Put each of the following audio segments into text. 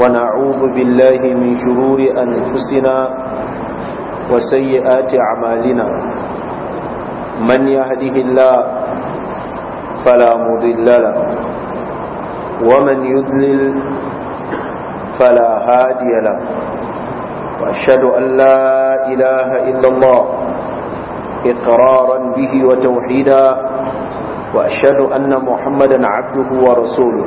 ونعوذ بالله من شرور أنفسنا وسيئات أعمالنا من يهده الله فلا مضل له ومن يذلل فلا هادي له وأشهد أن لا إله إلا الله إقرارا به وتوحيدا وأشهد أن محمدا عبده ورسوله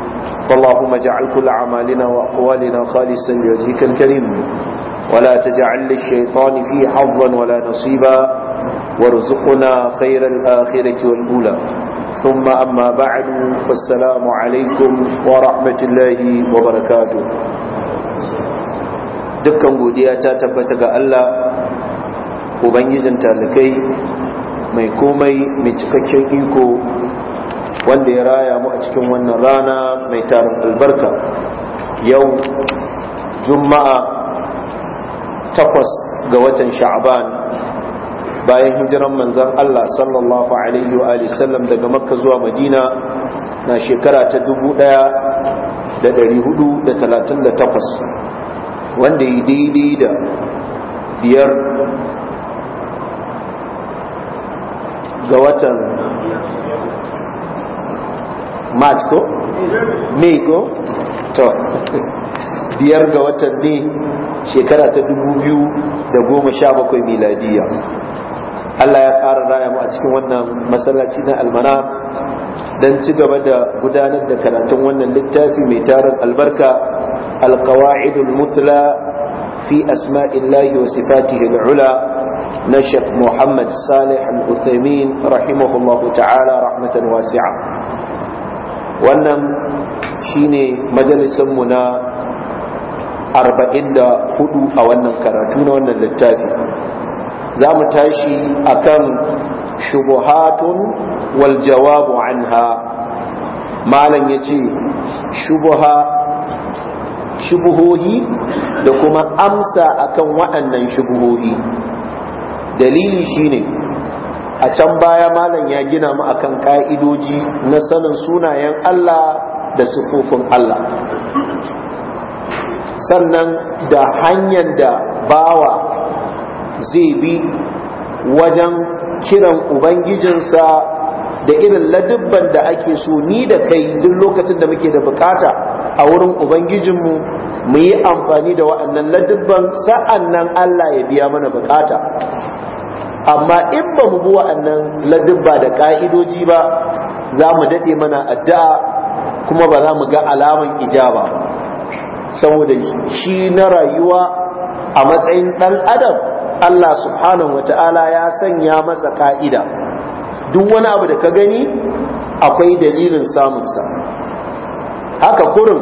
فاللهم اجعل كل اعمالنا وأقوالنا خالصا لوجهك الكريم ولا تجعل للشيطان فيه حظا ولا نصيبا وارزقنا خير الآخرة والأولى ثم أما بعد فالسلام عليكم ورحمة الله وبركاته dukkan godiya ta tabbata ga Allah ubangijin talakai mai komai mai cikakken iko wanda ya raya mu a cikin wannan rana mai tarin albarka yau juma'a takwas ga watan sha'aban bayan hijiran manzan Allah sallallahu alaihi wa sallam daga makka zuwa madina na shekara ta 1438 wanda yi daidai da biyar ga watan march ko may ko to biyar ga watan ne shekara ta 2017 miladiya Allah ya ƙara raya mu a cikin wannan masallaci na almana don ci gaba da gudanar da karatun wannan littafi mai tarin albarka alkawa'idul musla fi asma'illahi wa sifatihi al'ula na Sheikh Muhammad Salih al-Uthaymin rahimahullahu ta'ala rahmatan wasi'a wannan shine majalisanmu na 44 a wannan karatu na wannan littafi za mu tashi akan shubuhatun wal jawabu anha malam yace shubuha shubuhohi da kuma amsa akan waɗannan shubuhohi dalili shine a can baya malam ya gina mu akan ka'idoji na sanin sunayen Allah da sifofin Allah sannan da hanyar da bawa zai bi wajen kiran ubangijinsa da irin ladubban da ake so ni da kai duk lokacin da muke da bukata a wurin ubangijinmu mu yi amfani da wa'annan ladubban sa'an nan Allah ya biya mana bukata amma in ba mu bi wa'annan ladubba da ka'idoji ba za mu daɗe mana addu'a kuma ba za mu ga alaman ijaba ba saboda shi na rayuwa a matsayin ɗan adam Allah subhanahu wata'ala ya sanya masa ka'ida duk wani abu da ka gani akwai dalilin samunsa haka kurin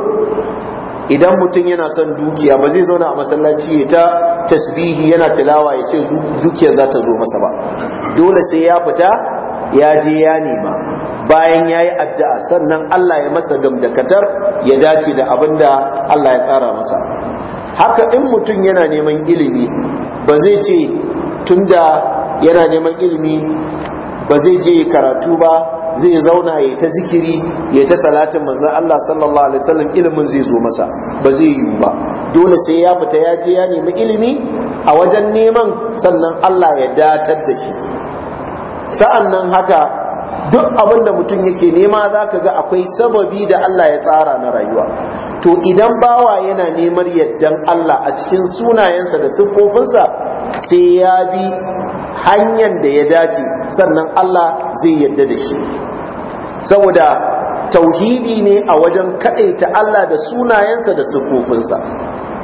idan mutum yana son dukiya ba zai zauna a masallaci ya ta tasbihi yana tilawa ya ce dukiya za ta zo masa ba dole sai ya fita ya je ya nema bayan ya yi addu'a sannan Allah ya masa gamdakatar ya dace da abin da Allah ya tsara masa haka in mutum yana neman ilimi ba zai ce tunda yana neman ilimi ba zai je karatu ba zai zauna ya ta zikiri ya ta salatin manzon Allah sallallahu alaihi wasallam ilimin zai zo masa ba zai yiwu ba dole sai ya fita ya je ya nemi ilimi a wajen neman sannan Allah ya datar da shi sa'an nan haka duk abin da mutum yake nema za ka ga akwai sababi da Allah ya tsara na rayuwa to idan bawa yana neman yaddan Allah a cikin sunayensa da siffofinsa sai ya bi hanyar da ya dace sannan Allah zai yadda da shi saboda tauhidi ne a wajen kaɗaita Allah da sunayensa da siffofinsa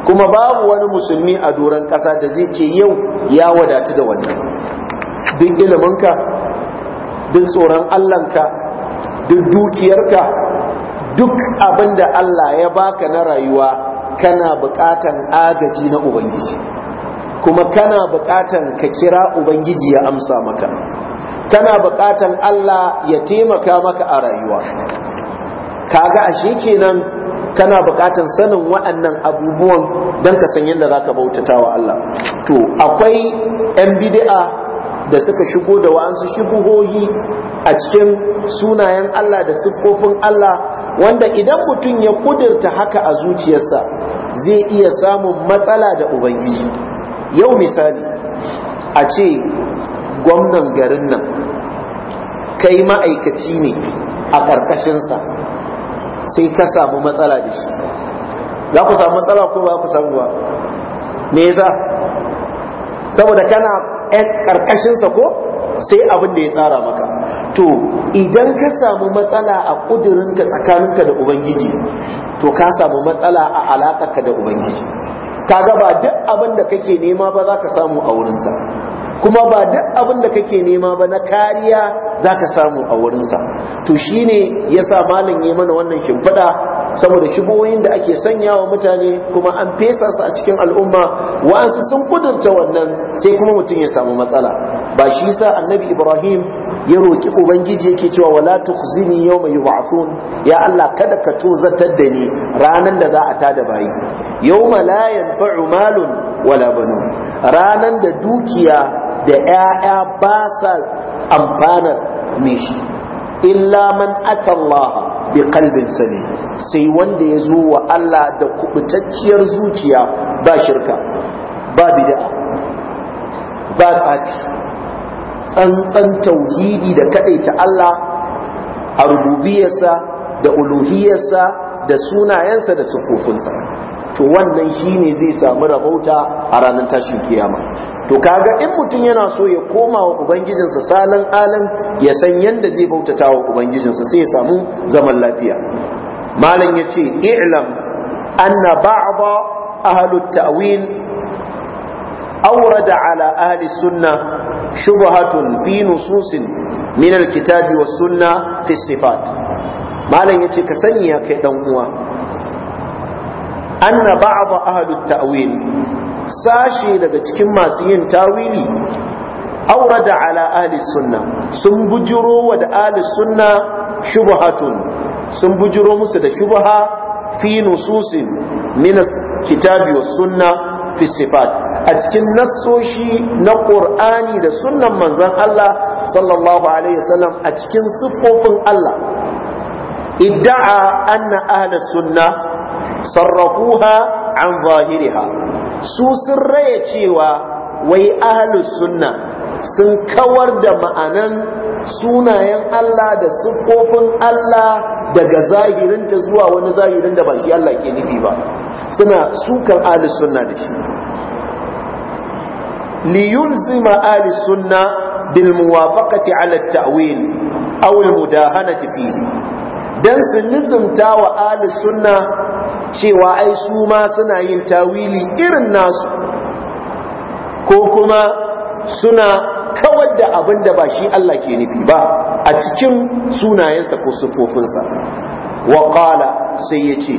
kuma babu wani musulmi a doron ƙasa da zai ce yau ya wadatu da wannan duk iliminka duk tsoron Allahnka duk dukiyarka duk abin da Allah ya baka na rayuwa kana buƙatan agaji na Ubangiji kuma kana buƙatan ka kira Ubangiji ya amsa maka Tana bukatan Allah ya taimaka maka a rayuwa kaga ashe kenan kana bukatan sanin waɗannan abubuwan don ka san yadda zaka bautata wa Allah to akwai 'yan bid'a da suka shigo da wa'ansu shubuhohi a cikin sunayen Allah da siffofin Allah wanda idan mutum ya kudirta haka a zuciyarsa zai iya samun matsala da ubangiji yau misali a ce gwamnan garin nan kai ma'aikaci ne a ƙarƙashinsa sai ka samu matsala da shi za ku samu matsala ko ba ku samu ba me yasa saboda kana ƴan ƙarƙashinsa ko sai abin da ya tsara maka to idan ka samu matsala a ƙudurinka tsakaninka da ubangiji to ka samu matsala a alaƙarka da ubangiji kaga ba duk abin da kake nema ba za ka samu a wurinsa kuma ba duk abin da kake nema ba na kariya za ka samu a wurinsa to shi ne ya sa malam ya mana wannan shimfiɗa saboda shigoyin da ake sanya wa mutane kuma an fesa su a cikin al'umma wa'ansu sun kudurta wannan sai kuma mutum ya samu matsala ba shi sa annabi ibrahim ya roƙi ubangiji yake cewa wala tukhzini yawma yub'athun ya Allah kada ka tuzatar da ni ranan da za a tada bayi yawma la yanfa'u malun wala banun ranan da dukiya da 'ya'ya ba sa amfanar mishi illa man ata Allah bi kalbin salim sai wanda ya zo wa Allah da kubutacciyar zuciya ba shirka ba bid'a ba tsafi tsantsan tauhidi da ta Allah a rububiyarsa da uluhiyarsa da sunayensa da sukufinsa to wannan shine zai samu rabauta a ranar tashin kiyama to kaga in mutum yana so ya koma wa ubangijinsa salan alam ya san yadda zai bautata wa ubangijinsa sai ya samu zaman lafiya malam yace ce i'lam anna ba'dha ahlut ta'wil awrada ala ahli sunnah shubhatun fi nususin min alkitabi was sunna fi sifat malam yace ka sani ya kai dan uwa anna ba'd ahlut ta'wil sashi daga cikin masu yin tawili da ala ahli sunna sun bujuro wa da ahli sunna shubhatun sun bujuro musu da shubha fi nususin min kitabi was sunna fi sifat a cikin nassoshi na qur'ani da sunnan manzon Allah sallallahu alaihi wasallam a cikin siffofin Allah idda'a anna ahli sunna sarrafuha an zahiriha su sun raya cewa wai ahli sunna sun kawar da ma'anan sunayen Allah da siffofin Allah daga zahirinta zuwa wani zahirin da ba shi Allah ke nufi ba suna sukan ahli sunna da shi li yulzima ahli sunna bil muwafaqati ala at-ta'wil aw al mudahanati fihi dan su lizumta wa ahli sunna cewa ai su ma suna yin tawili irin nasu ko kuma suna kawar da abin da ba shi Allah ke nufi ba a cikin sunayensa ko sufofinsa wa qala sai ce.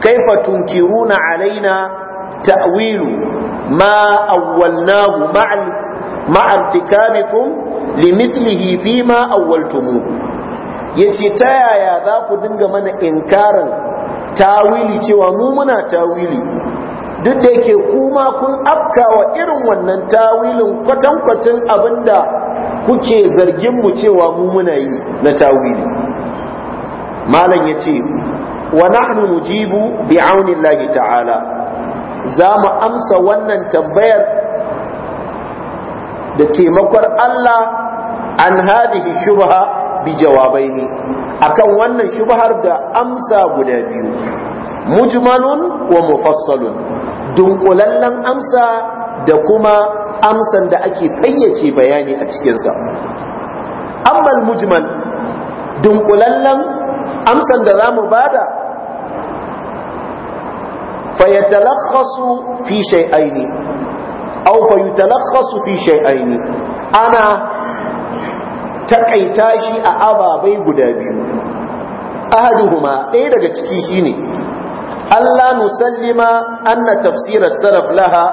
kaifa tunkiruna alaina ta'wilu ma awwalnahu ma'al ma'al tikabikum limithlihi fima awwaltumu yace ta yaya za ku dinga mana inkarin tawili cewa mu muna tawili duk da yake kuma kun afkawa irin wannan tawilin kwatankwacin abinda kuke zargin mu cewa mu muna yi na tawili malam yace wa nahnu nujibu bi'aunillahi ta'ala za mu amsa wannan tambayar da taimakon Allah an hadhihi shubha bi jawabaini akan wannan shubhar da amsa guda biyu mujmalun wa mufassalun dunkulallen amsa da kuma amsan da ake fayyace bayani a cikinsa amma mujmal dunkulallen amsan da za mu bada fayatalakhasu fi shay'aini aw fayutalakhasu fi shay'aini ana takaita shi a ababai guda biyu ahaduhuma ɗaya daga ciki shine Allah nusallima anna tafsirar salaf laha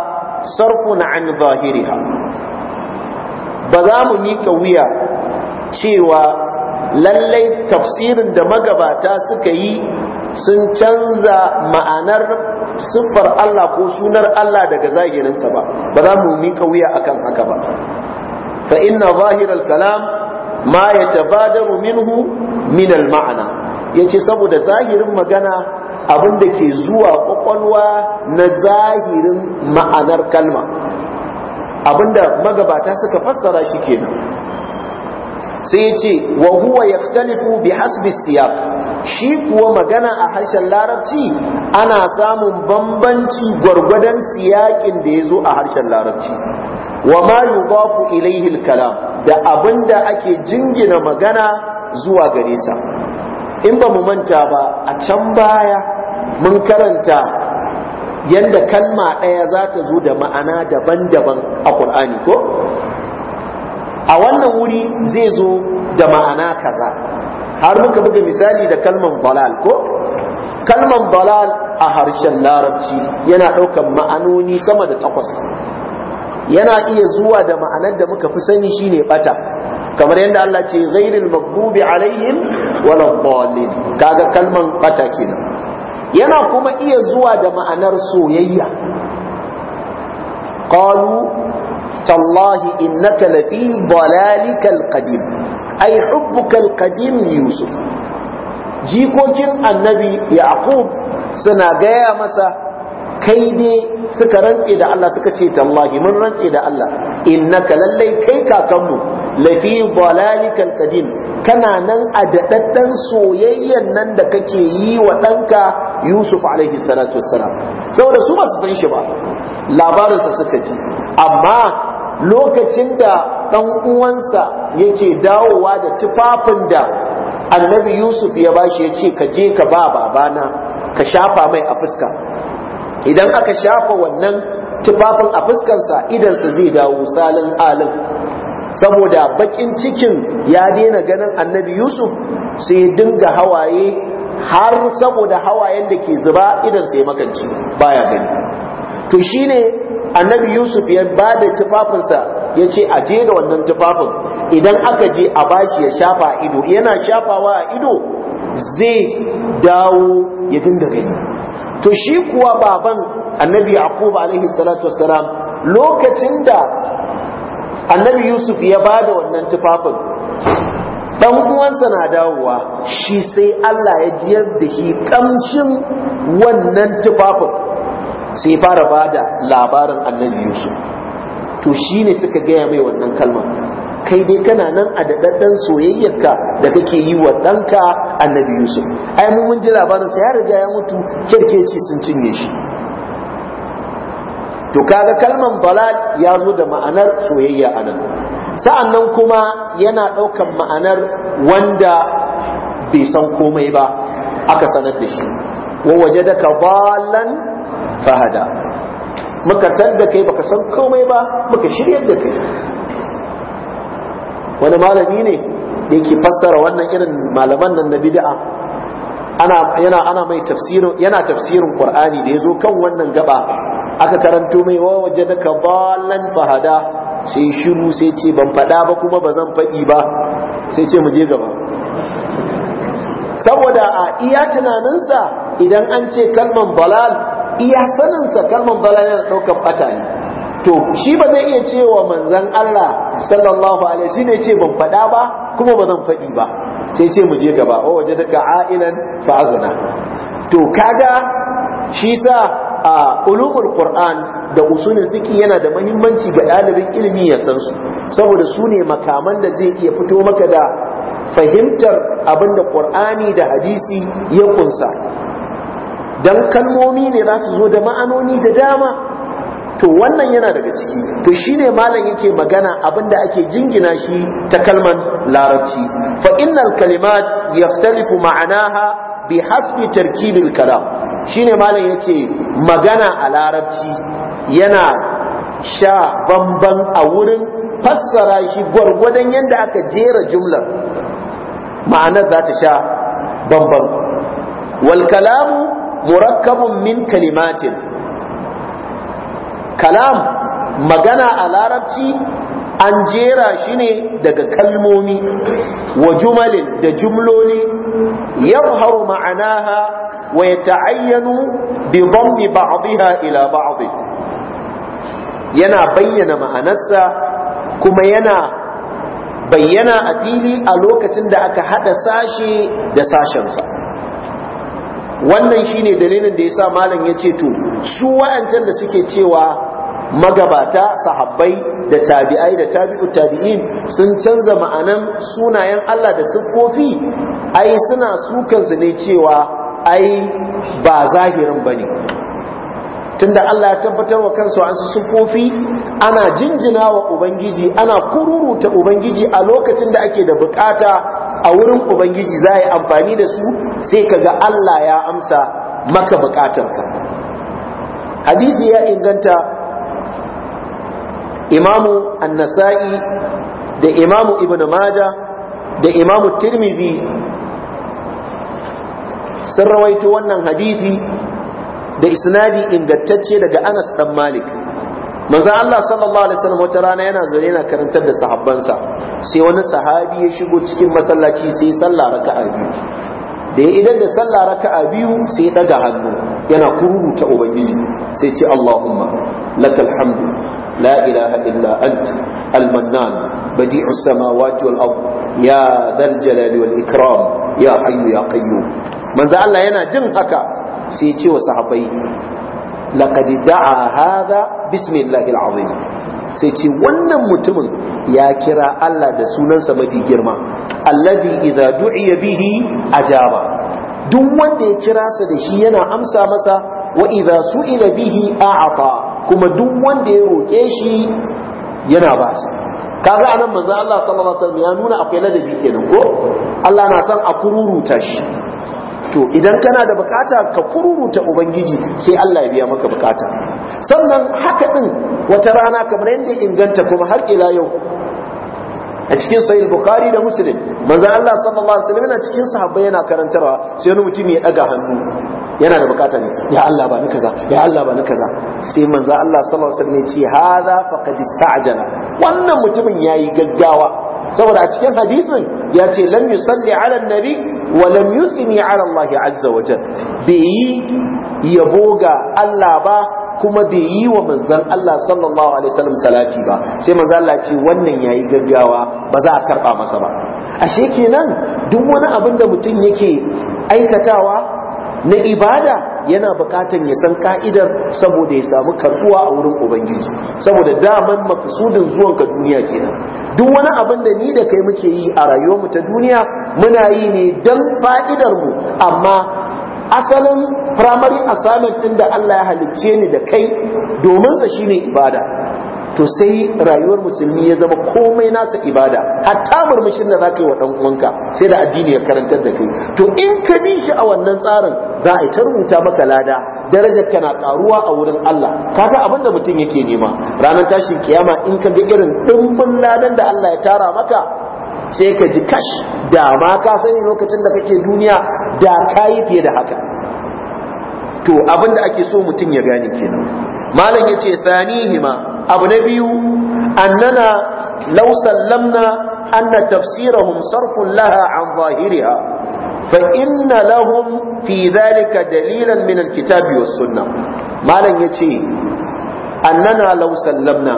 sarfun an zahiriha ba za mu mika wuya cewa lallai tafsirin da magabata suka yi sun canza ma'anar siffar Allah ko sunar Allah daga zahirinsa ba ba za mu miƙa wuya akan haka ba fa inna al kalam ma ya tabadaru minhu min al ma'ana ce saboda zahirin magana abin da ke zuwa kwakwalwa na zahirin ma'anar kalma abinda magabata suka fassara shi kenan sai ce wa huwa yaftalifu bi hasbi siyaq shi kuwa magana a harshen larabci ana samun bambanci gwargwadon siyakin da ya zo a harshen larabci wa ma yudafu ilayhi al da abinda ake jingina magana zuwa gare sa in ba mu manta ba a can baya mun karanta yanda kalma ɗaya za ta zo da ma'ana daban-daban a ƙur'ani ko a wannan wuri zai zo da ma'ana kaza har muka buga misali da kalman balal ko kalman balal a harshen larabci yana ɗaukar ma'anoni sama da takwas yana iya zuwa da ma'anar da muka fi sani shine bata kamar yadda Allah ce ghairil maghdubi alaihim waladdallin kaga kalman bata kenan yana kuma iya zuwa da ma'anar soyayya qalu tallahi innaka lafi dalalika alqadim ai hubbuka alqadim yusuf jikokin annabi Yakub suna gaya masa kai ne suka rantse da Allah suka ce tallahi mun rantse da Allah innaka lallai kai kakanmu lafi dalalikal qadim kana nan a dadaddan soyayyan nan da kake yi wa ɗanka Yusuf alaihi salatu wassalam saboda su basu su san shi ba labarinsa suka ji amma lokacin da ɗan uwansa yake dawowa da tufafin da annabi yusuf ya bashi ya ce ka je ka ba babana ka shafa mai a fuska idan aka shafa wannan tufafin a fuskansa idansa zai dawo salin alin saboda bakin cikin ya daina ganin annabi yusuf sai ya dinga hawaye har saboda hawayen da ke zuba idan sai makanci baya gani to shine annabi yusuf ya ba da tufafinsa ya ce a je da wannan tufafin idan aka je a bashi ya shafa a ido yana shafawa a ido zai dawo ya dinga gani to shi kuwa baban annabi Akubu alaihi salatu wassalam lokacin da annabi yusuf ya ba da wannan tufafin dan uwansa na dawowa shi sai Allah ya jiyar da shi kamshin wannan tufafin sai fara ba da labarin annabi yusuf to shi ne suka gaya mai wannan kalma kai dai kana nan a daɗaɗɗen soyayyarka da kake yi wa ɗanka annabi yusuf ai mun mun ji labarin sa ya riga ya mutu kirkeci sun cinye shi to kaga kalman balad ya zo da ma'anar soyayya a anan sa'annan kuma yana ɗaukan ma'anar wanda bai san komai ba aka sanar da shi wa waje wajadaka balan fahada muka tar da kai baka san komai ba muka shiryar da kai wani malami ne da yake fassara wannan irin malaman nan na bid'a ana yana ana mai tafsirin yana tafsirin Qur'ani da yazo kan wannan gaba aka karanto mai wa wajadaka balan fahada sai shiru sai ce ban fada ba kuma ba zan fadi ba sai ce mu je gaba saboda a iya tunaninsa idan an ce kalman balal iya saninsa kalmar bala yana ɗaukar fata ne to shi ba zai iya cewa manzan Allah sallallahu alaihi shi ne ce ban faɗa ba kuma ba zan faɗi ba sai ce mu je gaba o waje daga a'ilan fa'azana to kaga shi sa a ulumul qur'an da usulin fiki yana da muhimmanci ga ɗalibin ilimi ya san su saboda su ne makaman da zai iya fito maka da fahimtar abin da ƙur'ani da hadisi ya kunsa Dan kalmomi ne za su zo da ma'anoni da dama to wannan yana daga ciki to shine malam yake magana abinda ake jingina shi ta kalman larabci fa innal kalimat yaftalifu ma'anaha bi hasbi tarkibil kalam shine malam yace magana a larabci yana sha bamban a wurin fassara shi gwargwadon yadda aka jera jumlar ma'anar za ta sha bamban wal kalamu murakkabun min kalimatin kalam magana a larabci an jera shi ne daga kalmomi wa jumalin da jumloli Yau yadharu ma'anaha wa ta'ayyanu bi dhammi ba'dihha ila ba'd yana bayyana ma'anarsa kuma yana bayyana a fili a lokacin da aka hada sashe da sashensa wannan shine dalilin da yasa malam ya ce to su wa'ancan da suke cewa magabata sahabbai da tabi'ai da tabi'u tabi'in sun canza ma'anan sunayen Allah da siffofi ai suna sukansu ne cewa ai ba zahirin bane tunda Allah ya tabbatar wa kansu an su siffofi ana jinjina wa ubangiji ana kururuta ubangiji a lokacin da ake da bukata a wurin ubangiji za a yi amfani da su sai kaga Allah ya amsa maka bukatarka hadisi ya inganta imamu annasa'i da imamu ibn maja da imamu tirmidhi sun rawaito wannan hadisi da isnadi ingantacce daga anas dan malik manzon Allah sallallahu alaihi wasallam wata rana yana zaune yana karantar da sahabbansa sai wani sahabi ya shigo cikin masallaci sai sallah raka'a biyu da idan da sallah raka'a biyu sai daga hannu yana kururuta ubangiji sai ce Allahumma lakal hamdu la ilaha illa al-mannan badi'us samawati wal ard ya dhal jalali wal ikram ya hayyu ya qayyum Allah yana jin haka sai ce wa sahabbai laqad da'a hadha bismillahi alazim sai ce wannan mutumin ya kira Allah da sunansa mafi girma alladhi idza du'iya bihi ajaba duk wanda ya kira sa da shi yana amsa masa wa idza su'ila bihi a'ata kuma duk wanda ya roke shi yana ba sa kaga anan manzo Allah sallallahu alaihi wasallam ya nuna akwai ladabi kenan ko Allah na san a kururuta shi to idan kana da bukata ka kururuta ubangiji sai Allah ya biya maka bukata sannan haka din wata rana kamar yadda inganta kuma har ila yau a cikin sahih bukhari da muslim manzo Allah sallallahu alaihi wasallam cikin sahabbai yana karantarwa sai wani mutum ya daga hannu yana da bukata ne ya Allah ba ni kaza ya Allah ba ni kaza sai manzo Allah sallallahu alaihi wasallam ya ce hadha faqad ista'jala wannan mutumin yayi gaggawa saboda a cikin hadisin ya ce lam yusalli ala nabi walam yusni ala Allah azza wa jal bai yi yabo ga Allah ba kuma bai yi wa manzon Allah sallallahu alaihi wasallam salati ba sai manzon Allah ce wannan yayi gaggawa ba za a karba masa ba ashe kenan duk wani abin da mutum yake aikatawa na ibada yana bukatan ya san ka'idar saboda ya samu karbuwa a wurin ubangiji saboda daman makasudin zuwan ka duniya kenan duk wani abin da ni da kai muke yi a rayuwarmu ta duniya muna yi ne don fa'idar mu amma asalin primary assignment din da Allah ya halicce ni da kai domin sa shine ibada to sai rayuwar musulmi ya zama komai nasa ibada hatta murmushin da zaka yi wa dan uwanka sai da addini ya karantar da kai to in ka bi shi a wannan tsarin za a yi ta rubuta maka lada darajar kana na karuwa a wurin Allah kaga abin da mutum yake nema ranar tashin kiyama in ka ga irin dimbin ladan da Allah ya tara maka sai ka ji kash da ma ka sani lokacin da kake duniya da ka fiye da haka to abinda ake so mutum ya gane kenan malam yace ce abu na biyu annana law sallamna anna tafsirahum sarfun laha an zahiriha fa inna lahum fi dhalika dalilan min alkitabi was sunnah malan yace annana law sallamna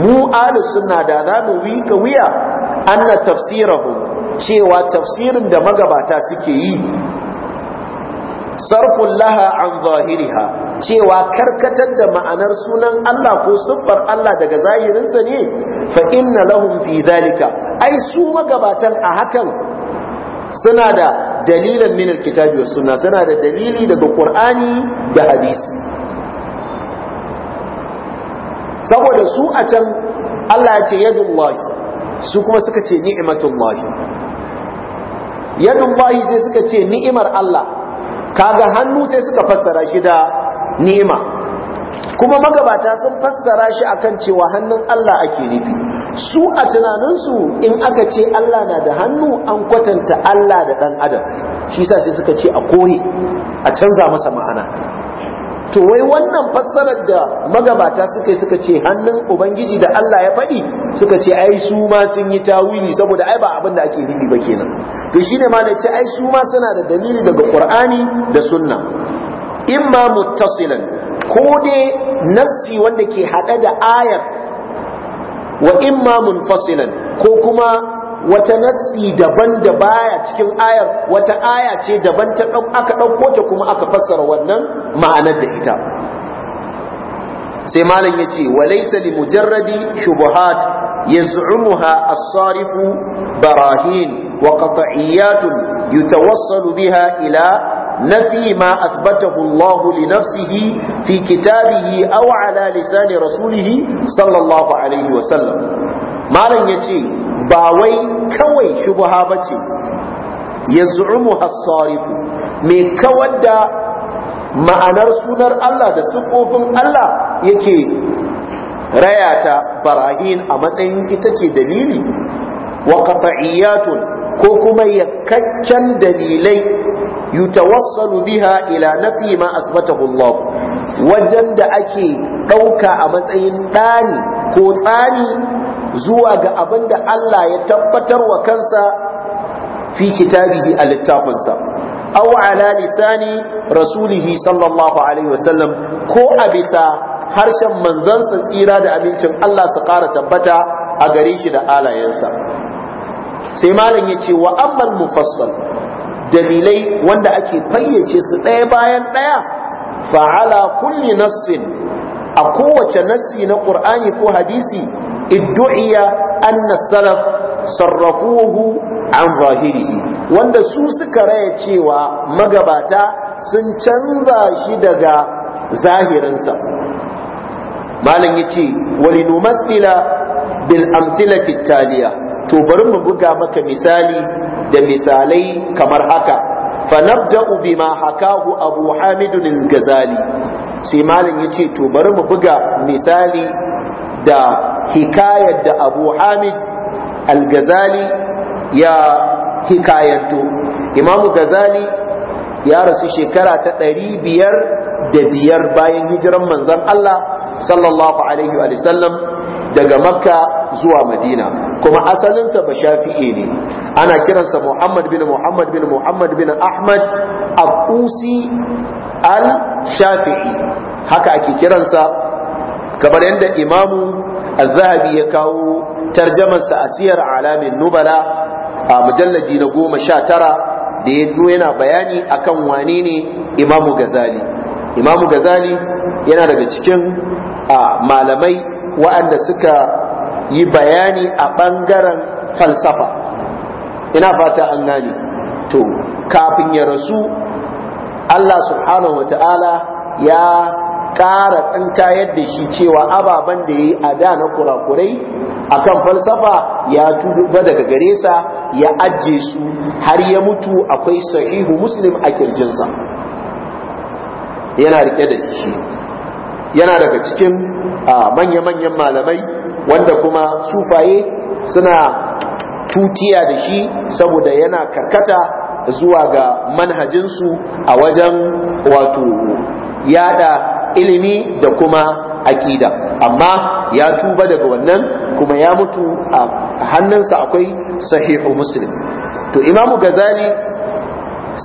mu ahlus sunna da zamu ka wiya anna tafsirahum cewa tafsirin da magabata suke yi sarfun laha an zahiriha cewa karkatar da ma'anar sunan Allah ko siffar Allah daga zahirinsa ne fa inna lahum fi zalika ai su magabatan a hakan suna da dalilan min alkitabi was sunna suna da dalili daga qur'ani da hadisi saboda su a can Allah ya ce yadullahi su kuma suka ce ni'matullahi yadullahi sai suka ce ni'imar Allah kaga hannu sai suka fassara shi da Nema. kuma magabata sun fassara shi akan cewa hannun Allah ake nufi su a tunaninsu in aka ce Allah na da hannu an kwatanta Allah da ɗan adam shi sa sai suka ce a kore a canza masa ma'ana to wai wannan fassarar da magabata suka suka ce hannun ubangiji da Allah ya faɗi suka ce ai su ma sun yi tawili saboda ai ba abin da ake nufi ba kenan to shine ma ce ai su ma suna da dalili daga Qur'ani da Sunna imma muttasilan ko dai nassi wanda ke hada da ayar wa imma munfasilan ko kuma wata nassi daban da baya cikin ayar wata aya ce daban ta aka ɗauko ta kuma aka fassara wannan ma'anar da ita sai malam ya ce wa laisa li mujarradi shubuhat yaz'umuha as-sarifu barahin wa qat'iyyatun yutawassalu biha ila نفي ما أثبته الله لنفسه في كتابه أو على لسان رسوله صلى الله عليه وسلم ما لن يتي باوي كوي شبها بتي يزعمها الصارف من كودا ma'anar sunar Allah da siffofin Allah yake rayata barahin a matsayin ita ce dalili wa qat'iyatun ko kuma yakkakken dalilai yutawassalu biha ila nafi ma asbatahu Allah wajen da ake ɗauka a matsayin ɗani ko tsani zuwa ga abin da Allah ya tabbatar wa kansa fi kitabihi a littafinsa aw ala lisani rasulihi sallallahu alaihi wasallam ko a bisa harshen manzansa tsira da abincin Allah su ƙara tabbata a gare shi da alayensa sai malam ya ce wa ammal mufassal dalilai wanda ake fayyace su ɗaya bayan ɗaya fa'ala kulli nassin a kowace nassi na ƙur'ani ko hadisi iddu'iya anna salaf sarrafuhu an zahirihi wanda su suka raya cewa magabata sun canza shi daga zahirinsa malam ya ce walinumatsila bil amsilati taliya to mu buga maka misali da misalai kamar haka fanabda'u bima hakahu abu hamidun al-ghazali sai malam yace to bari mu buga misali da hikayar da abu hamid al-ghazali ya hikayanto imamu Gazali ya rasu shekara ta ɗari biyar da biyar bayan hijiran manzon Allah sallallahu alaihi wa daga makka zuwa madina kuma asalinsa ba shafi'i ne ana kiransa muhammad bin muhammad bin muhammad bin ahmad akusi al shafi'i haka ake kiransa kamar yadda imamu al-zahabi ya kawo tarjamarsa a siyar alamin nubala a mujalladi na goma sha tara da ya zo yana bayani akan wane ne imamu gazali imamu gazali yana daga cikin malamai waɗanda suka yi bayani a ɓangaren falsafa ina fata an gani? to kafin ya rasu Allah subhanahu wa ta'ala ya ƙara tsinka yadda shi cewa ababen da ya yi a da na kurakurai a kan falsafa ya tuba daga gare sa ya ajiye su har ya mutu akwai sahihu muslim a kirjinsa yana rike da shi yana daga cikin ah, manya-manyan malamai wanda kuma sufaye suna tutiya da shi saboda yana karkata zuwa ga manhajinsu a wajen wato yada ilimi da kuma akida amma ya tuba daga wannan kuma ya mutu a hannunsa akwai sahihu muslim to imamu gazali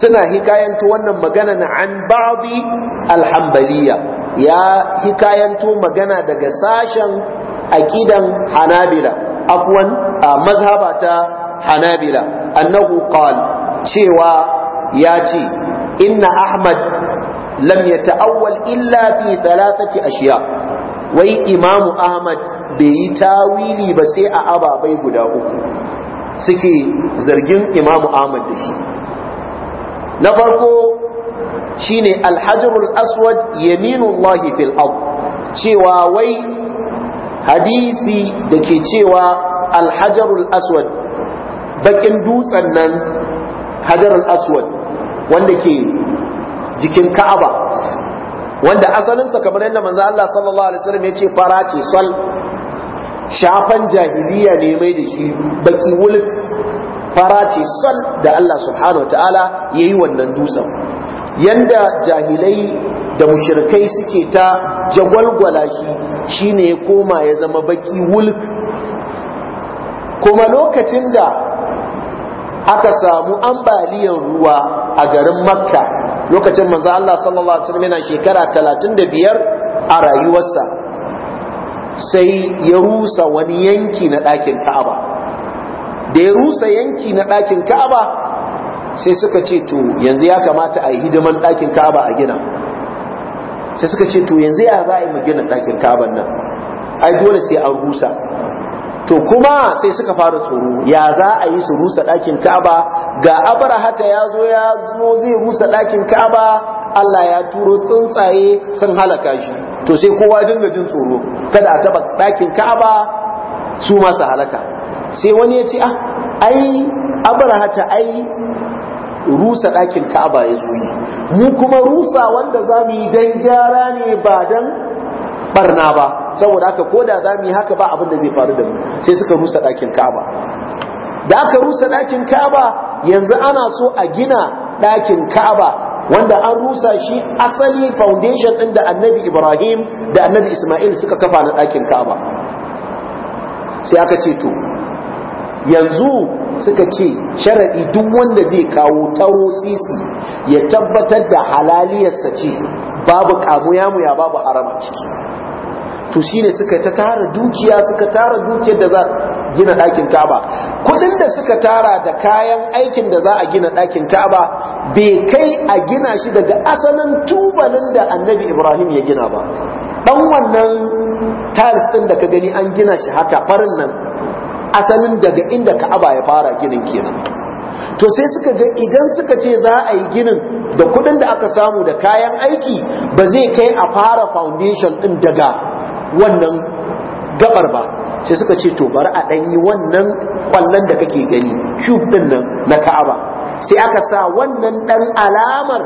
suna hikayanto wannan magana na an ba'adi alhambaliya ya hikayanto magana daga sashen aqidan hanabila afwan mazhaba ta hanabila annahu qala cewa ya ce inna ahmad lam yata'awwal illa fi thalathati ashiya wai imamu ahmad bai yi tawili ba sai a ababai guda uku suke zargin imamu ahmad da shi na farko shine alhajarul aswad yaminullahi fil cewa wai hadisi da ke cewa alhajarul aswad bakin dutsen nan hajarul aswad wanda ke jikin ka'aba wanda asalinsa kamar yadda manzo Allah sallallahu alaihi wasallam ya ce fara ce sal shafan jahiliya ne mai da shi baki wulk fara ce sal da Allah subhanahu wataala yayi wannan dutsen yanda jahilai da mushirkai suke ta jagwalgwala shi shine ya koma ya zama baki wulk kuma lokacin da aka samu ambaliyar ruwa a garin makka lokacin manzo Allah sallallahu alaihi wasallam yana shekara 35 a rayuwarsa sai ya rusa wani yanki na ɗakin Ka'aba da ya rusa yanki na ɗakin Ka'aba sai suka ce to yanzu ya kamata a yi hidiman ɗakin kaba a gina sai suka ce to yanzu ya za a yi magina ɗakin kaba nan ai dole sai an rusa to kuma sai suka fara tsoro ya za a yi su rusa ɗakin kaba ga abarahata ya zo ya zo zai rusa ɗakin kaba Allah ya turo tsuntsaye sun halaka shi to sai kowa dinga jin tsoro kada a taba ɗakin ka'aba su masu halaka sai wani ya ce ah ai abrahata ai rusa ɗakin ka'aba ya zo yi mu kuma rusa wanda za mu yi don gyara ne ba dan barna ba saboda haka ko da za mu yi haka ba abin da zai faru da mu sai suka rusa ɗakin ka'aba da aka rusa ɗakin ka'aba yanzu ana so a gina ɗakin ka'aba wanda an rusa shi asali foundation ɗin da annabi ibrahim da annabi ismail suka kafa na ɗakin ka'aba sai aka ce to yanzu suka ce sharaɗi duk wanda zai kawo taro sisi ya tabbatar da halaliyarsa ce babu kamuya ya babu harama ciki to shine suka ta tara dukiya suka tara dukiyar da za gina ɗakin ka'aba kuɗin da suka tara da kayan aikin da za a gina ɗakin ka'aba bai kai a gina shi daga asalin tubalin da annabi ibrahim ya gina ba ɗan wannan tiles ɗin da ka gani an gina shi haka farin nan asalin daga inda ka'aba ya fara ginin kenan to sai suka ga idan suka ce za a yi ginin da kudin da aka samu da kayan aiki ba zai kai a fara foundation din daga wannan gabar ba sai suka ce to bar a yi wannan kwallon da kake gani cube din nan na ka'aba sai aka sa wannan ɗan alamar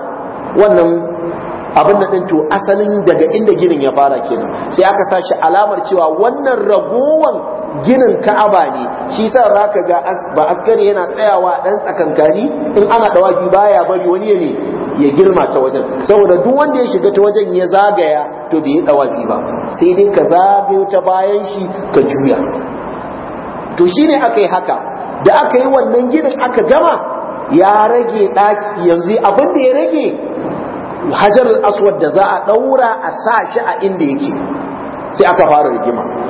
wannan abin da ɗin to asalin daga inda ginin ya fara kenan sai aka sa shi alamar cewa wannan ragowan ginin ka'aba ne shi sa za ka ga ba askari yana tsayawa dan tsakankari in ana dawafi baya bari wani ya ne ya girma ta wajen saboda duk wanda ya shiga ta wajen ya zagaya to bai yi dawafi ba sai dai ka zagayo ta bayan shi ka juya to shine aka yi haka da aka yi wannan ginin aka gama ya rage ɗaki yanzu abin da ya rage hajar aswad da za a ɗaura a sa shi a inda yake sai aka fara rigima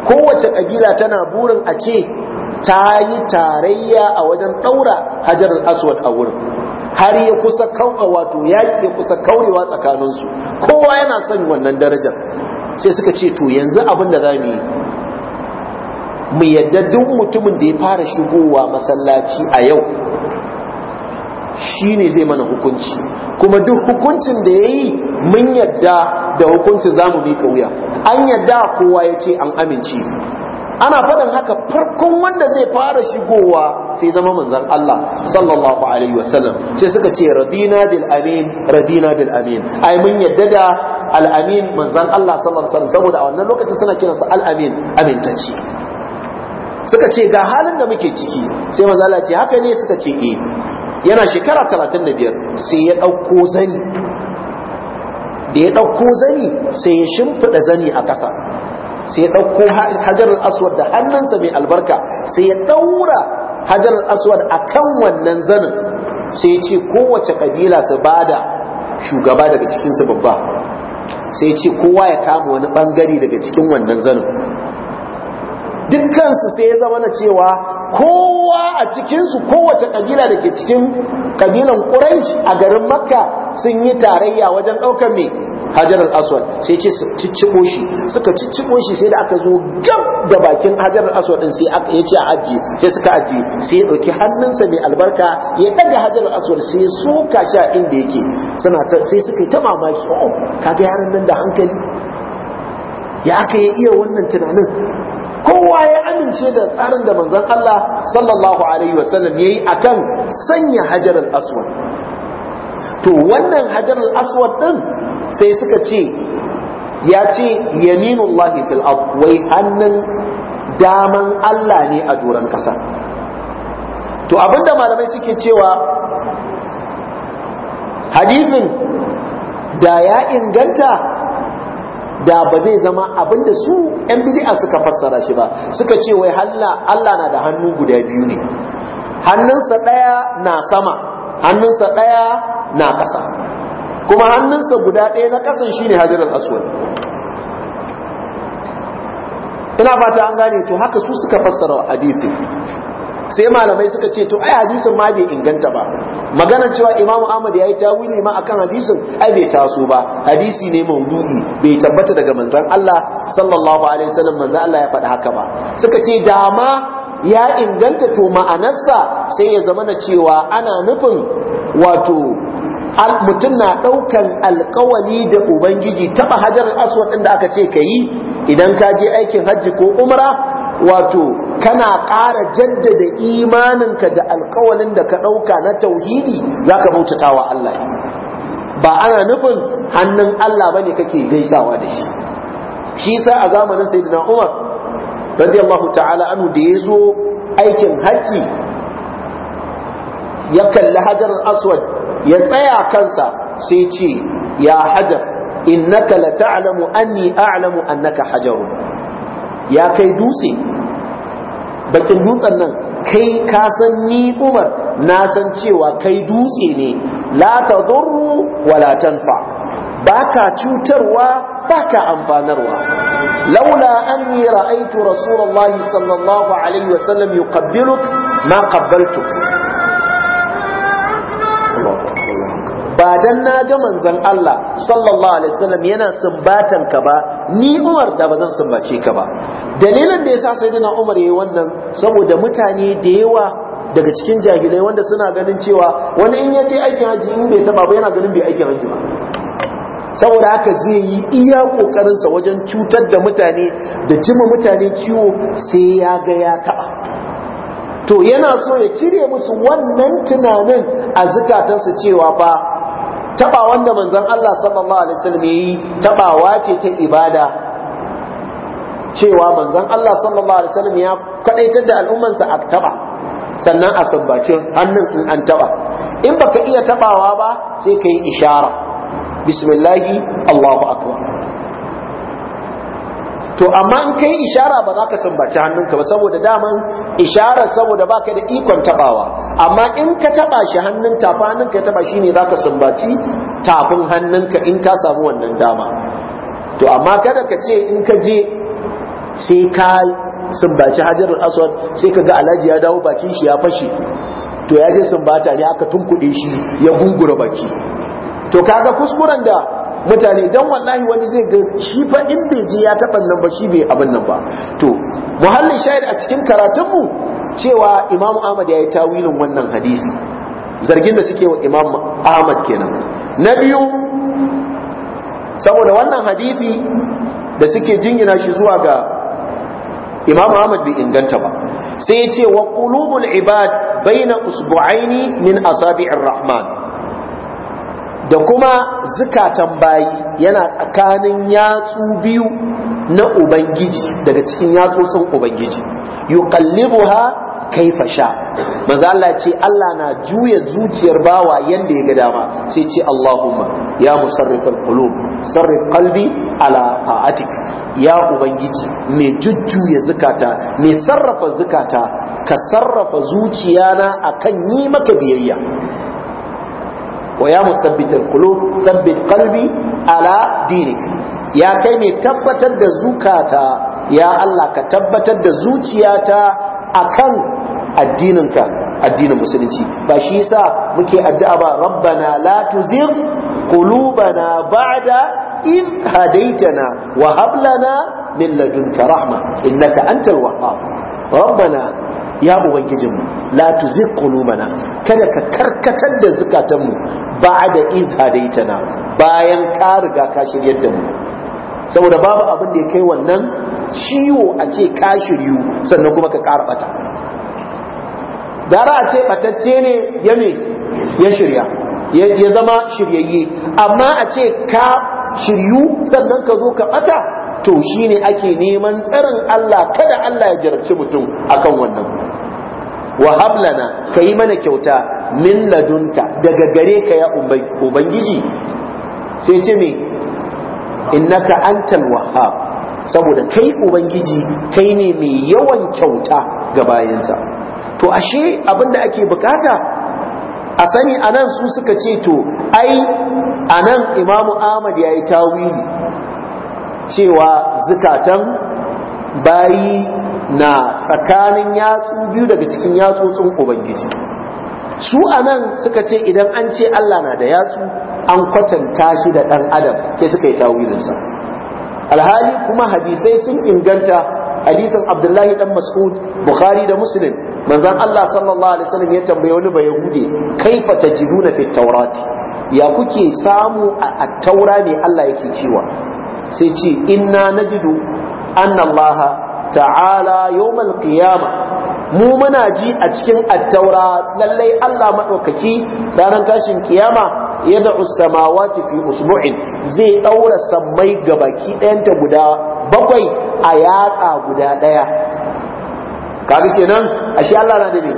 kowace kabila tana burin a ce ta yi tarayya a wajen daura hajar aswad a wurin har ya kusa kauna wato yaki ya kusa kaurewa tsakaninsu kowa yana son wannan darajar sai suka ce to yanzu abin da za mu yi mu yadda duk mutumin da ya fara shigowa masallaci a yau shi ne zai mana hukunci kuma duk hukuncin da ya yi mun yadda da hukuncin za mu miƙa wuya an yadda kowa ya ce an amince ana faɗin haka farkon wanda zai fara shigowa sai zama manzan Allah sallallahu alaihi wasallam sai suka ce radina bil amin radina bil amin ai mun yadda da al amin manzan Allah sallallahu alaihi wasallam saboda a wannan lokacin suna kiransa al amin amintacci suka ce ga halin da muke ciki sai manzo ce haka ne suka ce eh yana shekara 35 sai ya ɗauko zani da ya ɗauko zani sai ya shimfiɗa zani a ƙasa sai ya ɗauko hajarar aswad da hannunsa mai albarka sai ya ɗaura hajarar aswad a kan wannan zanin sai ya ce kowace ƙabila su ba da shugaba daga cikinsu babba sai ya ce kowa ya kama wani ɓangare daga cikin wannan zanin dukkansu sai ya zama na cewa kowa a cikinsu kowace kabila da ke cikin kabilan quraish a garin makka sun yi tarayya wajen ɗaukar mai hajar aswad sai ce su cicciko shi suka cicciko shi sai da aka zo gab da bakin hajar aswad din sai aka yace a aji sai suka aji sai ya dauki hannunsa mai albarka ya daga hajar aswad sai suka ka sha inda yake suna sai suka yi ta mamaki oh kaga yaran nan da hankali ya aka yi iya wannan tunanin kowa ya amince da tsarin da manzon Allah sallallahu alaihi wasallam a kan sanya hajar aswad to wannan hajar aswad din sai suka ce ya ce yaminullahi fil wai hannun daman Allah ne a doron kasa to abinda malamai suke cewa hadisin da ya inganta da ba zai zama abinda su yan bidi'a suka fassara shi ba suka ce wai halla Allah na da hannu guda biyu ne hannunsa ɗaya na sama hannunsa ɗaya na ƙasa kuma hannunsa guda ɗaya na ƙasan shine hajarul aswad ina fata an gane to haka su suka fassara hadisi sai malamai suka ce to ai hadisin ma bai inganta ba maganar cewa imamu ahmad ya yi tawili ma akan hadisin ai bai taso ba hadisi ne maudu'i bai tabbata daga manzon Allah sallallahu alaihi wasallam manzon Allah ya faɗi haka ba suka ce dama ya inganta to ma'anarsa sai ya zama na cewa ana nufin wato mutum na ɗaukan alkawali da ubangiji taɓa hajar aswad ɗin da aka ce ka yi idan ka je aikin hajji ko umra wato kana ƙara jaddada imaninka da alkawalin da ka ɗauka na tauhidi za ka bautata wa Allah ba ana nufin hannun Allah ba ne kake gaisawa da shi shi sa a zamanin sayyidina Umar radiyallahu ta'ala anhu da ya zo aikin hajji ya kalli hajar aswad ya tsaya kansa sai ce ya hajar innaka la ta'lamu anni a'lamu annaka hajarun ya kai dutse bakin dutsen nan kai ka san ni umar na san cewa kai dutse ne la tadurru wala tanfa baka cutarwa baka amfanarwa laula an yi ra'aitu Rasulallah sallallahu الله عليه وسلم ma ما ba dan na ga manzon Allah sallallahu alaihi wasallam yana sumbatan ka ba ni Umar da bazan zan sumbace ka ba dalilin da yasa sayyidina Umar yayi wannan saboda mutane da yawa daga cikin jahilai wanda suna ganin cewa wani in ya je aikin haji in bai taba ba yana ganin bai aikin haji ba saboda haka zai yi iya kokarinsa wajen cutar da mutane da jima mutane ciwo sai ya ga ya taba to yana so ya cire musu wannan tunanin a zukatansu cewa fa taba wanda manzon Allah sallallahu alaihi wasallam yayi tabawa ce ta ibada cewa manzon Allah sallallahu alaihi wasallam ya kadaitar da al'ummansa a taba sannan a sabbace hannun in an taba in baka iya tabawa ba sai kai ishara bismillahi Allahu akbar to amma in kai ishara ba za ka sambaci hannunka ba saboda daman ishara saboda baka da ikon tabawa amma in ka taba shi hannun tafa hannunka ya taba ne za ka sambaci tafin hannunka in ka samu wannan dama to amma kada ka ce in ka je sai ka sambaci hajarul aswad sai ka ga alhaji ya dawo bakin shi ya fashe to ya je sambata ne aka tunkuɗe shi ya gungura baki to kaga kuskuren da mutane dan wallahi wani zai ga shi fa in bai je ya taba nan ba shi bai abin nan ba to muhallin shahid a cikin karatun mu cewa imam ahmad ya yi tawilin wannan hadisi zargin da suke wa imam ahmad kenan na biyu saboda wannan hadisi da suke jingina shi zuwa ga imam ahmad bai inganta ba sai ya ce wa qulubul ibad baina usbu'aini min asabi'ir rahman da kuma zukatan bayi yana tsakanin yatsu biyu na ubangiji daga cikin yatsu yatsotsin ubangiji yuqallibuha kaifa sha maza Allah ce Allah na juya zuciyar bawa yanda ya ga dama sai ce Allahumma ya musarrifal qulub sarrif qalbi ala ta'atik ya ubangiji mai jujjuya zukata me sarrafa zukata ka sarrafa zuciyana akan yi maka biyayya wa ya musabbitul qulub sabbit qalbi ala dinik ya kai ne tabbatar da zukata ya Allah ka tabbatar da zuciyata akan addininka addinin musulunci ba shi yasa muke addu'a ba rabbana la tuzigh qulubana ba'da in hadaitana wa hab min ladunka rahma innaka antal wahhab rabbana ya ubangijinmu la tuzigh qulubana kada ka karkatar da zukatanmu ba'da idh hadaitana bayan ka riga ka shiryar da mu saboda babu abin da ya kai wannan ciwo a ce ka shiryu sannan kuma ka ƙara bata gara a ce batacce ne ya me ya shirya ya zama shiryayye amma a ce ka shiryu sannan ka zo ka bata to shine ake neman tsarin Allah kada Allah ya jarabci mutum akan wannan wa hablana ka yi mana kyauta min ladunka daga gare ka ya ubangiji sai ce me innaka antal wahhab saboda kai ubangiji kai ne mai yawan kyauta ga bayansa to ashe abinda ake bukata a sani anan su suka ce to ai anan imamu ahmad ya yi tawili cewa zukatan bayi na tsakanin yatsu biyu daga cikin yatsotsin ubangiji su anan suka ce idan an ce Allah na da yatsu an kwatanta shi da ɗan adam ke suka yi tawilinsa alhali kuma hadisai sun inganta hadisin abdullahi dan mas'ud bukhari da muslim manzon Allah sallallahu alaihi wasallam ya tambaye wani ba yahudi kaifa tajiduna fit fitaurati. ya kuke samu a taura ne Allah yake cewa sai ce inna najidu anna laha. ta'ala yawmal qiyama mu muna ji a cikin attaura lallai Allah Madaukaki ranar tashin kiyama ya da samawati fi usbu'in zai daura sammai gabaki baki guda bakwai a yatsa guda ɗaya kaga kenan ashe Allah na da ne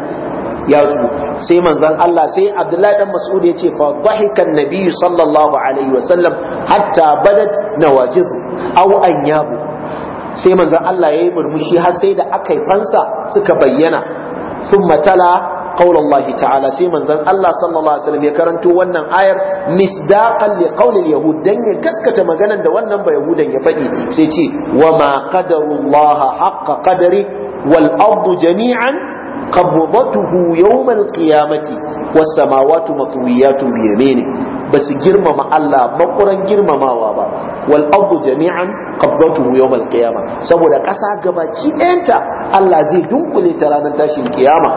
yatsu sai manzon Allah sai Abdullahi dan Mas'ud ya ce fa an nabi sallallahu alaihi wasallam hatta badat nawajidu aw anyabu sai manzon Allah ya yi murmushi har sai da aka yi fansa suka bayyana sun matala قول الله ta'ala sai Manzan Allah صلى alaihi عليه وسلم wannan ayar misdaqan liqawl ƙaunar dan ya gaskata maganan da wannan ba yahudan ya faɗi? sai ce wama qadarullaha haƙa ƙadari wal ardu jami'an qabdatuhu yawm alqiyamati was samawati matwiyatun bi yamini ba su girmama Allah makuran girmamawa ba wal jami'an qabbatuhu yawmal qiyama saboda ƙasa gabaki ɗayanta Allah zai dunkule ta ranar tashin kiyama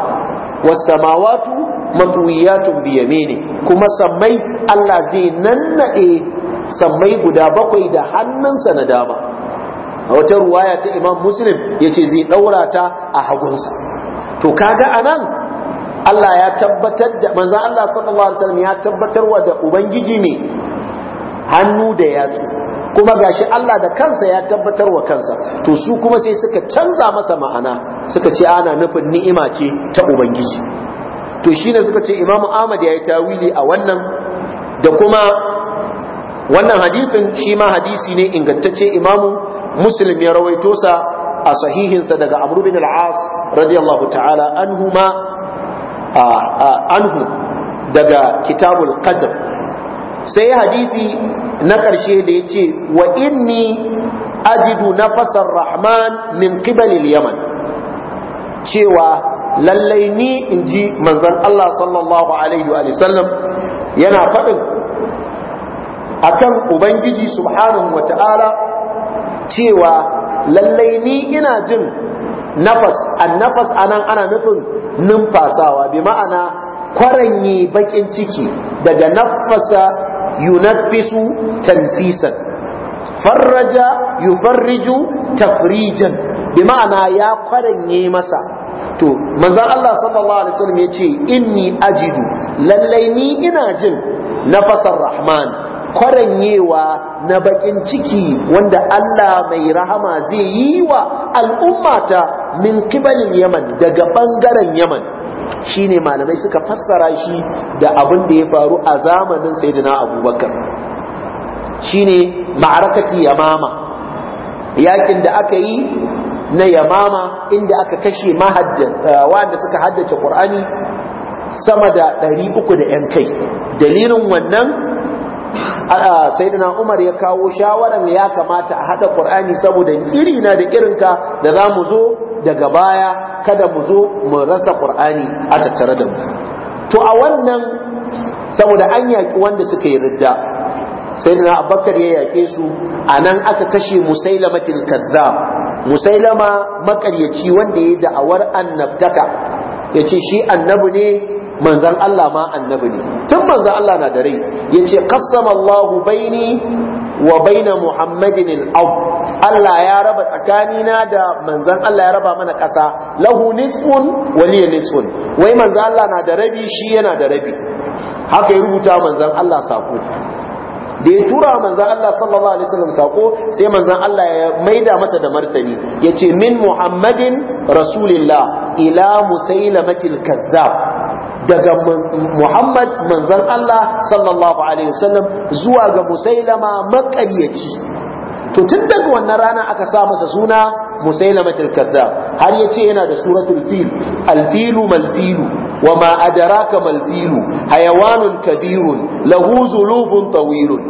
was samawatu matwiyatun bi yamini kuma sammai Allah zai nannade sammai guda bakwai da hannunsa na dama a wata ruwaya ta Imam Muslim yace zai daura ta a hagunsa to kaga anan Allah ya tabbatar da manzo Allah sallallahu alaihi wasallam ya tabbatar wa da ubangiji ne hannu da yatsu kuma gashi Allah da kansa ya tabbatar wa kansa to su kuma sai suka canza masa ma'ana suka ce ana nufin ni'ima ce ta ubangiji to shine suka ce Imam Ahmad ya yi tawili a wannan da kuma wannan hadisin shi ma hadisi ne ingantacce Imam Muslim ya rawaito sa a sahihinsa daga Amr bin al-As radiyallahu ta'ala anhuma anhu daga kitabul qadr sai hadisi na ƙarshe da ya ce wa inni ajidu nafasar rahman min qibalil yaman cewa lallai ni in ji manzan Allah sallallahu alaihi wa sallam yana faɗin a kan ubangiji subhanahu wa ta'ala cewa lallai ni ina jin nafas nafas anan ana nufin numfasawa bi ma'ana kwaranye bakin ciki daga nafasa yunafisu tanfisan farraja yufarriju tafrijan bi ma'ana ya kwaranye masa to manzon Allah sallallahu alaihi wasallam yace inni ajidu lallai ni ina jin nafasar rahman kwaranyewa na bakin ciki wanda Allah mai rahama zai yi wa al'ummata min kibalin yaman daga bangaren yaman shine malamai suka fassara shi da abin da ya faru a zamanin sayyidina abubakar shine ma'arakati yamama yakin da aka yi na yamama inda aka kashe eh, wanda suka haddace Kur'ani sama da 300 da yan kai dalilin wannan sayyidina Umar ya kawo shawaran ya kamata a haɗa ƙur'ani saboda irina da irinka da za mu zo daga baya kada mu zo mu rasa qur'ani a tattare da mu to a wannan saboda an yaki wanda suka yi ridda sayyidina abubakar ya yake su anan aka kashe musailamatil kazzab musailama makaryaci wanda ya da'awar annabtaka yace shi annabi ne manzan Allah ma annabi ne tun manzan Allah na da rai yace qassama baini wa baina Muhammadin al Allah ya raba tsakanina da manzan Allah ya raba mana ƙasa. lahu nisfun wa li nisfun wai manzan Allah na da rabi shi yana da rabi haka ya rubuta manzan Allah sako da ya tura manzan Allah sallallahu alaihi wasallam sako sai manzan Allah ya maida masa da martani yace min Muhammadin rasulillah ila musailamatil kazzab daga Muhammad manzon Allah sallallahu alaihi wasallam zuwa ga Musailama makaryaci to tun daga wannan rana aka sa masa suna Musailamatul Kadhdab har yace yana da suratul fil alfilu malfilu wama adraka malfilu hayawanun kabirun lahu zulufun tawilun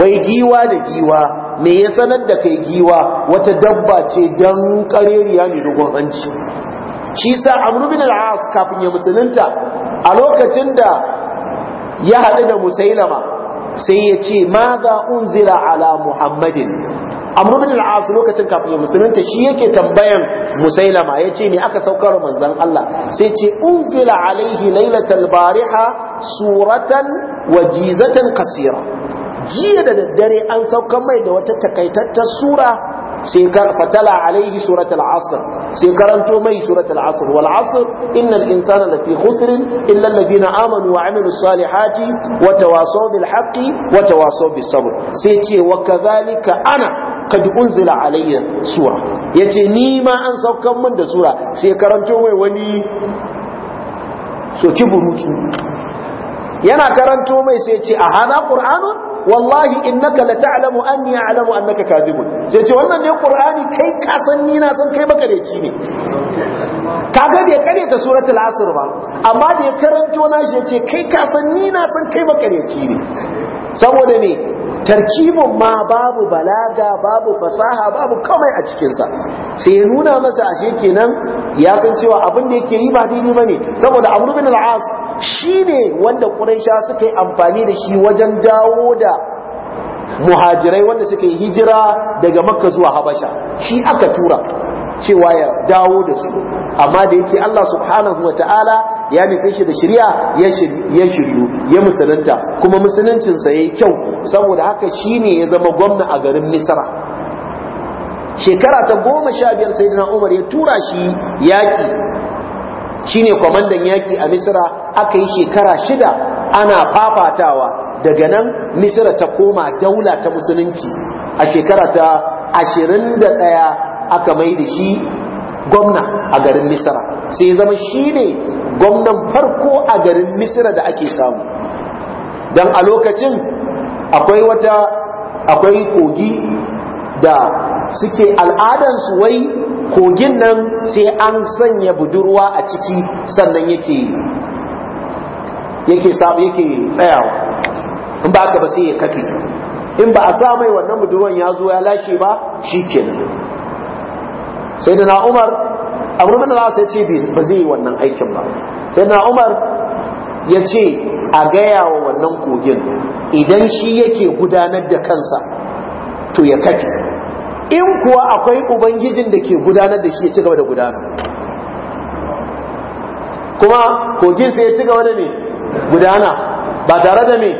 wai giwa da giwa me ya sanar da kai giwa wata dabba ce dan kareriya ne dogon hanci shi sa amru bin al-as kafin ya musulunta a lokacin da ya haɗu da musailama sai ya ce ma za unzila ala muhammadin amru al lokacin kafin ya musulunta shi yake tambayan musailama yace me aka saukar manzon Allah sai ce unzila alaihi lailatal bariha suratan wajizatan kasira jiya da daddare an saukar mai da wata ta sura sai fatala alaihi suratul asr sai karanto mai suratul asr wal asr innal insana lafi khusr illa alladhina amanu wa amilus salihati wa tawasaw bil haqqi wa tawasaw bis sabr sai ce wa kadhalika ana kad unzila alayya sura yace ni ma an sauka min da sura sai karanto mai wani soki buruki yana karanto mai sai ce a hada qur'anun wallahi innaka lata'lamu anni a'lamu annaka kadhibun sai ce wannan ne qur'ani kai ka san ni na san kai makareci ne kaga bai ta suratul asr ba amma da ya karanto na shi ya ce kai ka san ni na san kai makareci ne saboda ne tarkibin ma babu balaga babu fasaha babu kamai a cikinsa sai nuna masa ashe kenan ya san cewa abin da yake yi ba daidai ba ne saboda amru bin al'as shi ne wanda ƙuraisha suka yi amfani da shi wajen dawo da muhajirai wanda suka yi hijira daga makka zuwa habasha shi aka tura cewa ya dawo da su amma da yake Allah subhanahu wa ta'ala ya nufi shi da shari'a ya shiryu ya musulunta kuma musuluncin sa ya kyau saboda haka shine ya zama gwamna a garin misra shekara ta goma sha biyar sai umar ya tura shi yaƙi shine kwamandan yaki a misra aka yi shekara shida ana fafatawa daga nan misra ta koma daula ta musulunci a shekara ta ashirin da ɗaya aka mai da shi gwamna a garin misira sai zama shi ne gwamnan farko a garin misira da ake samu don a lokacin akwai wata akwai kogi da suke al'adansu wai kogin nan sai an sanya budurwa a ciki sannan yake yake tsayawa in ba aka ba sai ya kafe in ba a sa mai wannan budurwan ya zo ya lashe ba shi kenan sai da na umar abu da za ce ba zai yi wannan aikin ba sai da na umar ya ce a gaya wa wannan kogin idan shi yake gudanar da kansa to ya kafi in kuwa akwai ubangijin da ke gudanar da shi ya ci gaba da gudana kuma kogin sai ya ci gaba da ne gudana ba tare da ne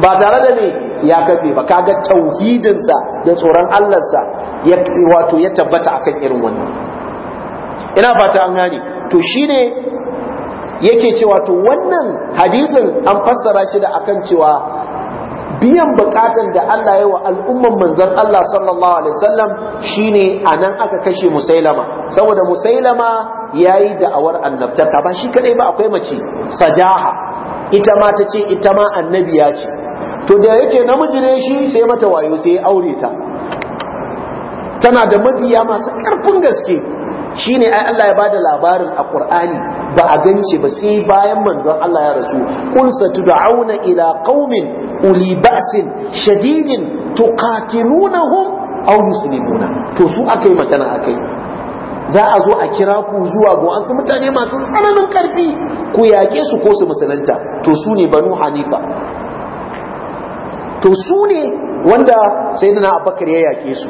ba tare da ne ya kafe ba kaga tauhidin sa da tsoron sa ya wato ya tabbata akan irin wannan ina fata an gane to shine yake cewa to wannan hadisin an fassara shi da akan cewa biyan bukatan da Allah ya wa al'umman manzon Allah sallallahu alaihi wasallam shine anan aka kashe Musailama saboda Musailama yayi da'awar annabta ba shi kadai ba akwai mace Sajaha ita ma tace ita ma annabiya ce to da yake namiji ne shi sai mata wayo sai ya aure ta tana da mabiya masu karfin gaske shine ai Allah ya bada labarin a Qur'ani ba a ganci ba sai bayan manzon Allah ya rasu qul satud'auna ila qaumin uli ba'sin shadidin tuqatilunhum aw yuslimuna to su akai magana akai za a zo a kira ku zuwa ga wasu mutane masu tsananin karfi ku yake su ko su musulunta to su ne banu hanifa to su ne wanda sayyidina abubakar ya yake su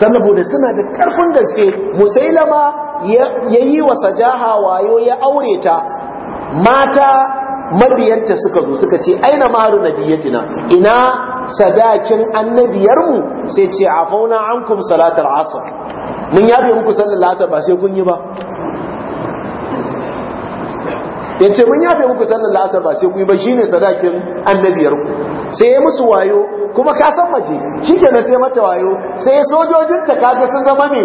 saboda suna da karfin gaske musailama ya yi wa sajaha wayo ya aure ta mata mabiyanta suka zo suka ce aina maharu nabiyatina ina sadakin annabiyarmu sai ce a fauna an ankum salatar asr mun yabe muku sallar asr ba sai kun yi ba ya ce mun yafe muku sallar la'asar ba sai kun yi ba shine sadakin annabiyarku sai ya musu wayo kuma ka san mace na sai mata wayo sai sojojinta kaga sun zama ne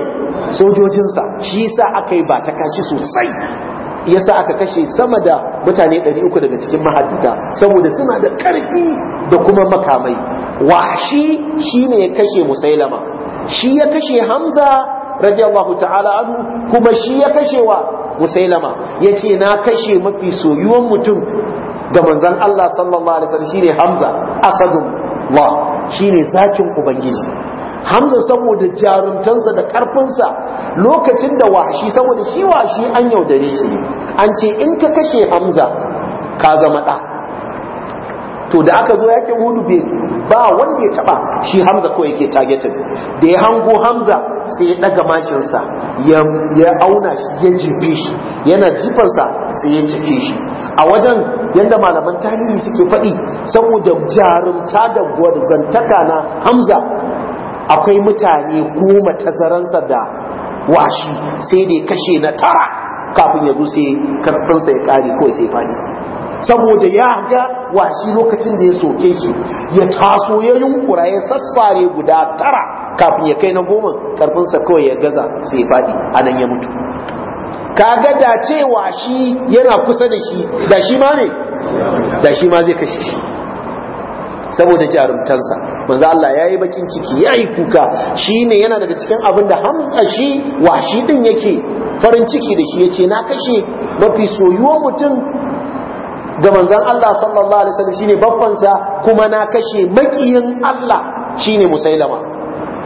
sojojinsa shi sa aka yi ba ta kashi sosai Ya sa aka kashe sama da mutane 300 daga cikin mahadita saboda suna da karfi da kuma makamai washi ne ya kashe musailama shi ya kashe hamza radiyallahu ta'ala anhu kuma shi ya kashe wa musailama ya ce na kashe mafi soyuwan mutum ga manzon Allah sallallahu alaihi wasallam shine Hamza asadullah shine zakin ubangiji Hamza saboda jarumtansa da karfinsa lokacin da washi saboda shi washi an yaudare shi an ce in ka kashe Hamza ka zama da to da aka zo yakin hudu bai ba wanda ya taba shi hamza ko yake targetin da ya hango hamza sai ya daga mashinsa ya auna shi ya jefe shi yana jifansa sai ya cike shi a wajen yadda malaman tarihi suke faɗi saboda jarumta da gwarzantaka na hamza akwai mutane goma tazaransa da washi sai da kashe na tara kafin ya zo sai karfinsa ya kare kawai sai fadi saboda ya ga washi lokacin da ya soke shi ya taso ya yunkura ya sassare guda tara kafin ya kai na goma karfinsa kawai ya gaza sai fadi anan ya mutu kaga da cewa shi yana kusa da shi da shi ma ne da shi ma zai kashe shi saboda jarumtansa manzo Allah yayi bakin ciki yayi kuka shine yana daga cikin abin da Hamza shi washi din yake farin ciki da shi yace na kashe mafi soyuwar mutum ga manzon Allah sallallahu alaihi wasallam shine babbansa kuma na kashe makiyin Allah shine Musailama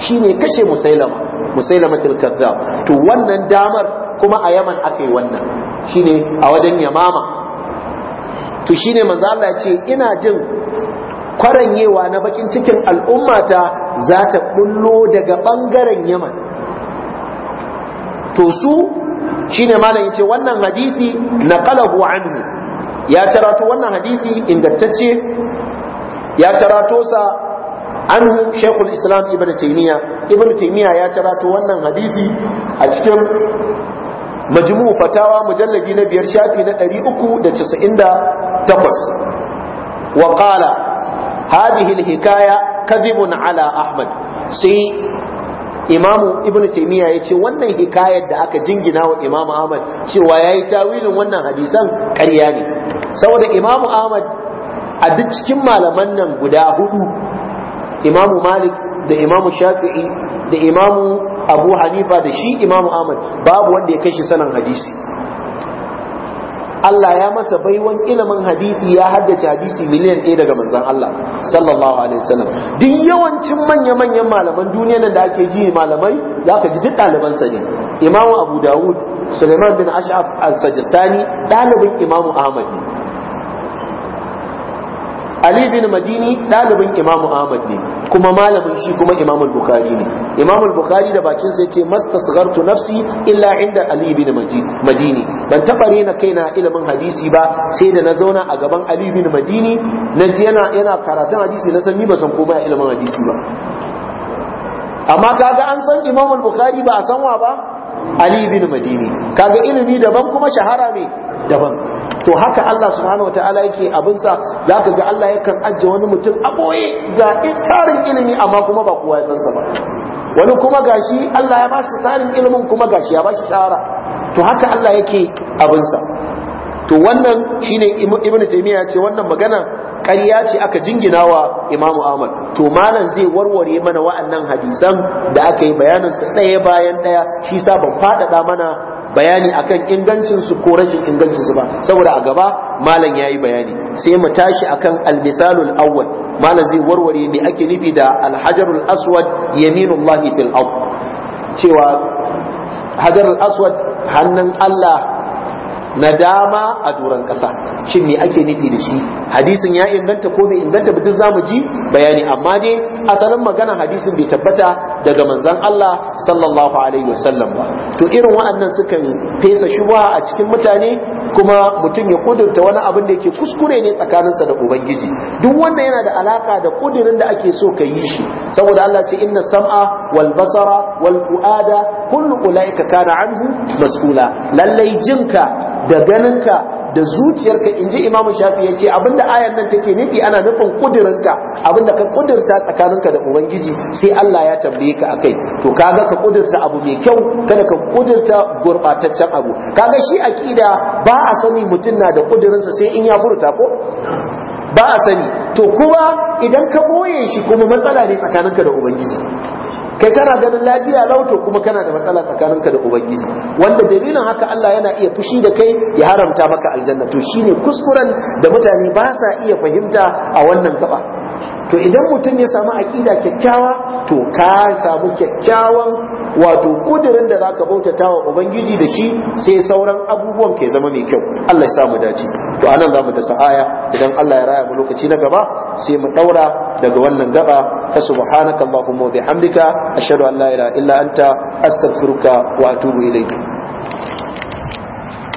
shine kashe Musailama Musailama tilkazzab to wannan damar kuma a Yaman akai wannan shine a wajen Yamama to shine manzo Allah ce ina jin kwaranyewa na bakin cikin al'ummata za ta kullo daga ɓangaren yaman to su ne malayin ce wannan hadisi naqalahu anhu ya tarato wannan hadisi ingantacce ya tarato sa anhu shekul islam ibn Taimiyya. ibnu Taimiyya ya tarato wannan hadisi a cikin majmu fatawa mujallabi na biyar shafi na 398 wa qala hadhihi alhikaya kadhibun ala ahmad sai imam ibnu taymiya ce wannan hikayar da aka jingina wa imam ahmad cewa yayi tawilin wannan hadisan ƙarya ne saboda imam ahmad a duk cikin malaman nan guda hudu imam malik da imam shafi'i da imam abu hanifa da shi imam ahmad babu wanda ya kai shi sanin hadisi Allah ya masa baiwan ilimin hadisi ya haddace hadisi miliyan ɗaya daga manzon Allah sallallahu alaihi wasallam duk yawancin manya-manyan malaman duniya nan da ake ji malamai zaka ji duk sa ne Imam Abu Dawud Suleiman bin Ash'ab al-Sajistani ɗalibin Imam Ahmad ali bin madini ɗalibin imam ahmad ne kuma malamin shi kuma imam bukhari ne imam bukhari da bakin sa yace mastasghartu nafsi illa inda ali bin madini ban taba rena kaina ilimin hadisi ba sai da na zauna a gaban ali bin madini na ji yana yana karatun hadisi na san ni ba san komai a ilimin hadisi ba amma kaga an san imam bukhari ba a sanwa ba ali bin madini kaga ilimi daban kuma shahara ne daban to haka Allah subhanahu wataala yake abin sa zaka ga Allah yakan ajje wani mutum a boye ga tarin ilimi amma kuma ba kowa ya san sa ba wani kuma gashi Allah ya bashi tarin ilimin kuma gashi ya bashi shahara to haka Allah yake abin sa to wannan shine ibn taymiya ce wannan magana ƙarya ce aka jingina wa imamu ahmad to malam zai warware mana wa'annan hadisan da aka yi bayanin su ɗaya bayan ɗaya shi sa ban faɗaɗa mana bayani akan ingancin su ko rashin ingancin su ba saboda a gaba malam yayi bayani sai mu tashi akan al-mithalul awwal malam zai warware me ake nufi da al-hajarul aswad yaminullahi fil ard cewa hajarul aswad hannun Allah na dama a duran kasa, shin me ake nufi da shi hadisin ya inganta ko bai inganta ba duk zamu ji bayani amma dai asalin magana hadisin bai tabbata daga manzan Allah sallallahu alaihi wasallam ba to irin waɗannan sukan fesa shubha a cikin mutane kuma mutum ya kudurta wani abin da yake kuskure ne tsakaninsa da ubangiji duk wannan yana da alaka da kudirin da ake so ka yi shi saboda Allah ce inna sam'a wal basara wal fuada kullu ulaika kana anhu mas'ula lallai jinka da ganinka da zuciyarka in ji imamu shafi ya ce abinda ayan nan take nufi ana nufin kudurinka abinda ka kudirta tsakaninka da ubangiji sai Allah ya tambaye ka akai to kaga ka kudurta abu mai kyau kada ka kudurta gurbataccen abu kaga shi akida ba a sani mutum na da kudirinsa sai in ya furta ko ba a sani to kuma idan ka boye shi kuma matsala ne tsakaninka da ubangiji kai kana ganin lafiya lauto kuma kana da matsala tsakaninka da ubangiji wanda dalilin haka Allah yana iya fushi da kai ya haramta maka aljanna to shine kuskuren da mutane ba sa iya fahimta a wannan gaba to idan mutum ya samu aƙida kyakkyawa to ka samu kyakkyawan wato ƙudurin da zaka bautata wa ubangiji da shi sai sauran abubuwan ke zama mai kyau Allah ya sa mu dace to anan zamu da sa'aya idan Allah ya raya mu lokaci na gaba sai mu ɗaura daga wannan gaba ta subhanakallahumma wa bihamdika ashhadu an la ilaha illa anta astaghfiruka wa atubu ilayk